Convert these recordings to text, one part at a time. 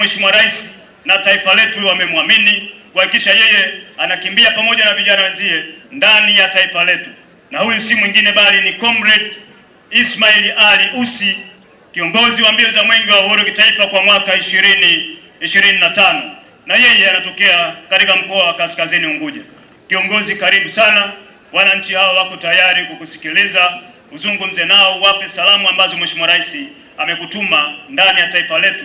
Mheshimiwa Rais na taifa letu wamemwamini kuhakikisha yeye anakimbia pamoja na vijana wenzie ndani ya taifa letu, na huyu si mwingine bali ni Comrade Ismail Ali Usi, kiongozi wa mbio za mwenge wa uhuru kitaifa kwa mwaka 2025 na yeye anatokea katika mkoa wa Kaskazini Unguja. Kiongozi, karibu sana. Wananchi hawa wako tayari kukusikiliza, uzungumze nao, wape salamu ambazo Mheshimiwa Rais amekutuma ndani ya taifa letu.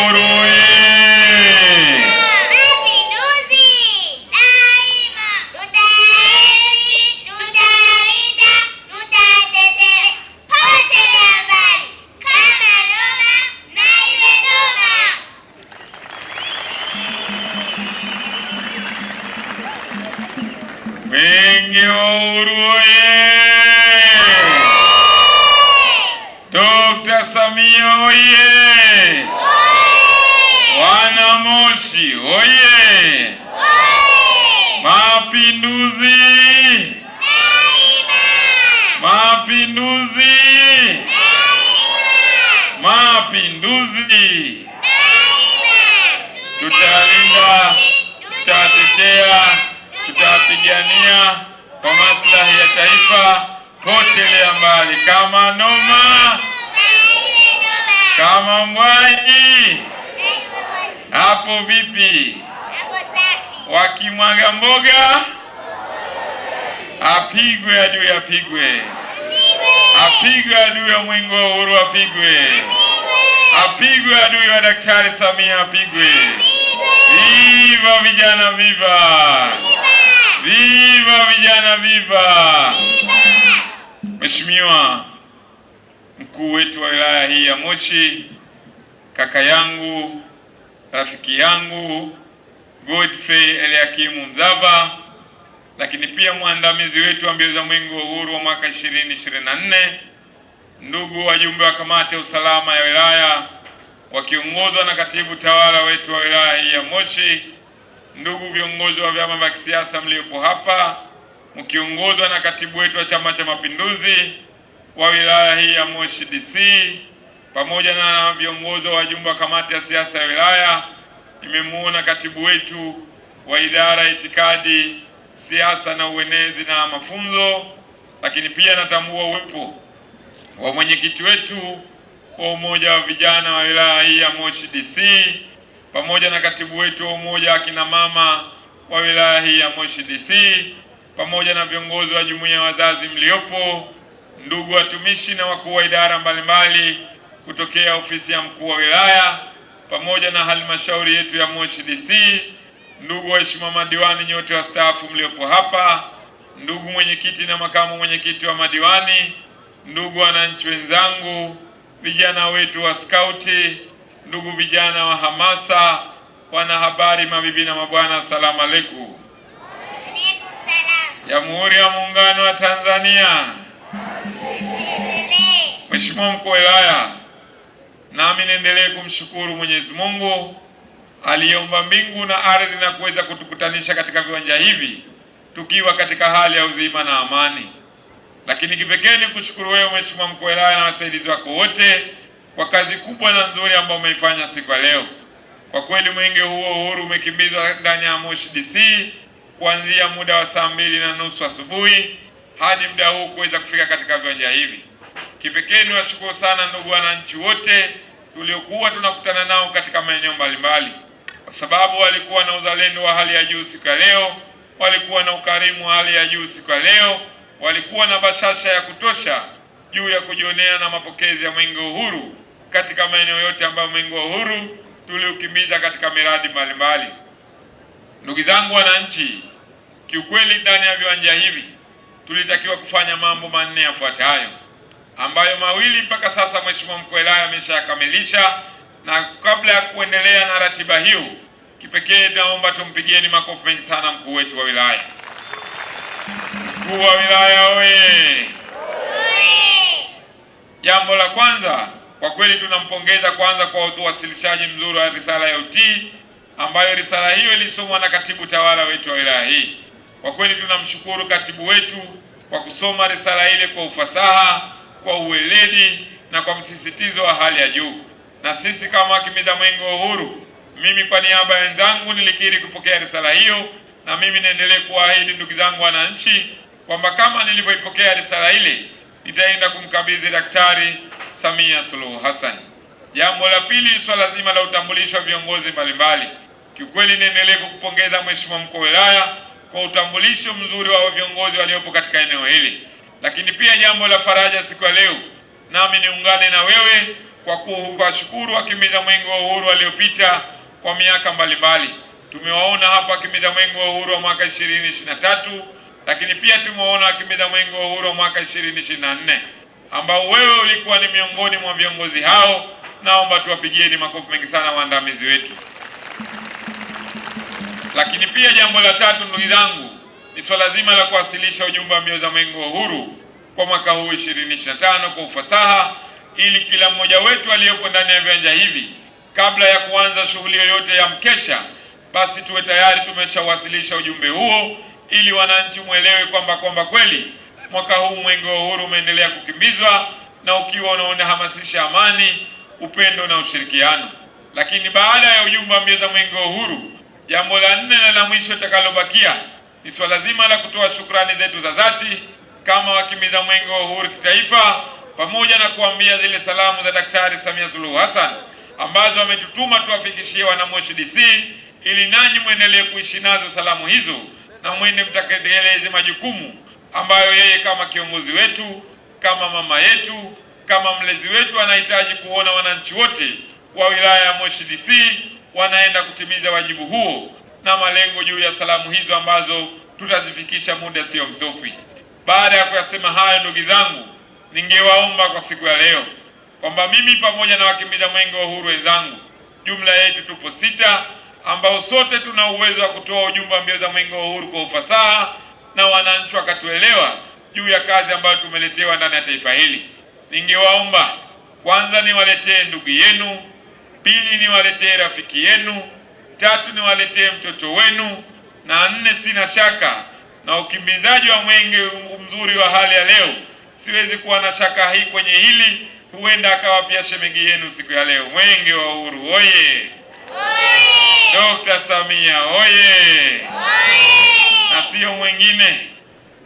Ngeoru oye! Dr. Samia oye! wana Wanamoshi oye! Mapinduzi! Mapinduzi! Mapinduzi! Tutalinda mbali kama noma kama mbwani hapo vipi? Wakimwaga mboga apigwe adui, apigwe apigwe adui ya mwingo wa uhuru, apigwe apigwe adui wa Daktari Samia, apigwe. Viva vijana, viva viva vijana, viva Mheshimiwa mkuu wetu wa wilaya hii ya Moshi, kaka yangu, rafiki yangu Godfrey Eliakimu Mzava, lakini pia mwandamizi wetu wa mbio za Mwenge wa Uhuru wa mwaka 2024, ndugu wajumbe wa kamati ya usalama ya wilaya wakiongozwa na katibu tawala wetu wa wilaya hii ya Moshi, ndugu viongozi wa vyama vya kisiasa mliopo hapa mkiongozwa na katibu wetu wa Chama cha Mapinduzi wa wilaya hii ya Moshi DC pamoja na viongozi wa wajumbe wa kamati ya siasa ya wilaya. Nimemuona katibu wetu wa idara ya itikadi, siasa na uenezi na mafunzo, lakini pia natambua uwepo wa mwenyekiti wetu wa umoja wa vijana wa wilaya hii ya Moshi DC pamoja na katibu wetu wa umoja wa kina mama wa wilaya hii ya Moshi DC pamoja na viongozi wa jumuiya ya wazazi mliopo, ndugu watumishi na wakuu wa idara mbalimbali kutokea ofisi ya mkuu wa wilaya pamoja na halmashauri yetu ya Moshi DC, ndugu waheshimiwa madiwani nyote wa wastaafu mliopo hapa, ndugu mwenyekiti na makamu mwenyekiti wa madiwani, ndugu wananchi wenzangu, vijana wetu wa skauti, ndugu vijana wa hamasa, wanahabari, mabibi na mabwana, asalamu alaikum. Jamhuri ya Muungano wa Tanzania. Mheshimiwa mkuu wa wilaya, nami niendelee kumshukuru Mwenyezi Mungu aliyeumba mbingu na ardhi na kuweza kutukutanisha katika viwanja hivi tukiwa katika hali ya uzima na amani, lakini kipekee ni kushukuru wewe Mheshimiwa mkuu wa wilaya na wasaidizi wako wote kwa kazi kubwa na nzuri ambayo umeifanya siku ya leo. Kwa kweli mwenge huo uhuru umekimbizwa ndani ya Moshi DC kuanzia muda wa saa mbili na nusu asubuhi hadi muda huu kuweza kufika katika viwanja hivi. Kipekee ni washukuru sana ndugu wananchi wote tuliokuwa tunakutana nao katika maeneo mbalimbali, kwa sababu walikuwa na uzalendo wa hali ya juu siku ya leo, walikuwa na ukarimu wa hali ya juu siku ya leo, walikuwa na bashasha ya kutosha juu ya kujionea na mapokezi ya Mwenge wa Uhuru katika maeneo yote ambayo Mwenge wa Uhuru tuliukimbiza katika miradi mbalimbali. Ndugu zangu wananchi, Kiukweli, ndani ya viwanja hivi tulitakiwa kufanya mambo manne yafuatayo ambayo mawili mpaka sasa Mheshimiwa mkuu wa wilaya ameshayakamilisha, na kabla ya kuendelea na ratiba hiyo, kipekee naomba tumpigieni makofi mengi sana mkuu wetu wa wilaya. Mkuu wa wilaya oye! Jambo la kwanza kwa kweli tunampongeza kwanza kwa uwasilishaji mzuri wa risala ya utii ambayo risala hiyo ilisomwa na katibu tawala wetu wa wilaya hii. Kwa kweli tunamshukuru katibu wetu kwa kusoma risala ile kwa ufasaha, kwa uweledi na kwa msisitizo wa hali ya juu. Na sisi kama Himiza Mwenge wa Uhuru, mimi kwa niaba ya wenzangu nilikiri kupokea risala hiyo, na mimi niendelee kuahidi ndugu zangu wananchi kwamba kama nilivyoipokea risala ile nitaenda kumkabidhi Daktari Samia Suluhu Hassan. Jambo la pili, swala zima la utambulisho wa viongozi mbalimbali. Kiukweli niendelee kukupongeza Mheshimiwa mkuu wa wilaya kwa utambulisho mzuri wa viongozi waliopo katika eneo hili. Lakini pia jambo la faraja siku ya leo, nami niungane na wewe kwa kuwashukuru wakimbiza mwenge wa uhuru waliopita kwa miaka mbalimbali. Tumewaona hapa wakimbiza mwenge wa uhuru wa mwaka 2023 lakini pia tumewaona wakimbiza mwenge wa uhuru wa mwaka 2024 ambao wewe ulikuwa ni miongoni mwa viongozi hao. Naomba tuwapigieni makofi mengi sana waandamizi wetu. Lakini pia jambo la tatu, ndugu zangu, ni swala zima la kuwasilisha ujumbe wa mbio za mwenge wa uhuru kwa mwaka huu 2025 kwa ufasaha, ili kila mmoja wetu aliyepo ndani ya viwanja hivi kabla ya kuanza shughuli yoyote ya mkesha, basi tuwe tayari tumeshawasilisha ujumbe huo, ili wananchi mwelewe kwamba kwamba kweli mwaka huu mwenge wa uhuru umeendelea kukimbizwa na ukiwa hamasisha amani, upendo na ushirikiano. Lakini baada ya ujumbe wa mbio za mwenge wa uhuru Jambo la nne na la mwisho litakalobakia ni swala zima la kutoa shukrani zetu za dhati kama wakimiza mwenge wa uhuru kitaifa, pamoja na kuambia zile salamu za Daktari Samia Suluhu Hassan ambazo ametutuma tuwafikishie wana moshi DC, ili nanyi mwendelee kuishi nazo salamu hizo na mwende mtatekeleze majukumu ambayo yeye kama kiongozi wetu, kama mama yetu, kama mlezi wetu anahitaji kuona wananchi wote wa wilaya ya Moshi DC wanaenda kutimiza wajibu huo na malengo juu ya salamu hizo ambazo tutazifikisha muda sio mfupi. Baada ya kuyasema hayo, ndugu zangu, ningewaomba kwa siku ya leo kwamba mimi pamoja na wakimbiza mwenge wa uhuru wenzangu, jumla yetu tupo sita, ambao sote tuna uwezo wa kutoa ujumbe wa mbio za mwenge wa uhuru kwa ufasaha na wananchi wakatuelewa juu ya kazi ambayo tumeletewa ndani ya taifa hili. Ningewaomba kwanza niwaletee ndugu yenu pili, niwaletee rafiki yenu, tatu, niwaletee mtoto wenu, na nne, sina shaka na ukimbizaji wa mwenge mzuri wa hali ya leo, siwezi kuwa na shaka hii kwenye hili, huenda akawa pia shemegi yenu siku ya leo. Mwenge wa Uhuru oye! Dr. Samia oye! Na siyo mwingine,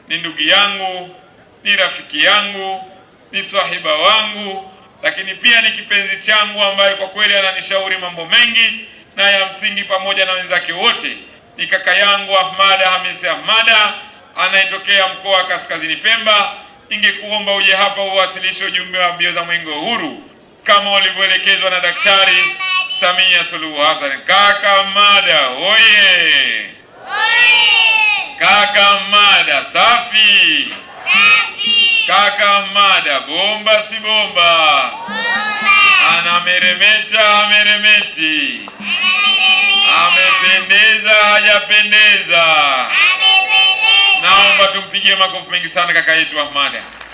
ni ndugu yangu, ni rafiki yangu, ni swahiba wangu lakini pia ni kipenzi changu ambaye kwa kweli ananishauri mambo mengi na ya msingi, pamoja na wenzake wote. Ni kaka yangu Ahmada Hamisi Ahmada anayetokea mkoa wa Kaskazini Pemba. Ningekuomba uje hapa uwasilishe ujumbe wa mbio za Mwenge wa Uhuru kama walivyoelekezwa na Daktari Samia Suluhu Hassan. Kaka Mada oye! Oye! Kaka Mada safi! Kaka Mada, bomba si bomba? Anameremeta ameremeti? Amependeza hajapendeza? Naomba tumpigie makofi mengi sana kaka yetu Ahmada.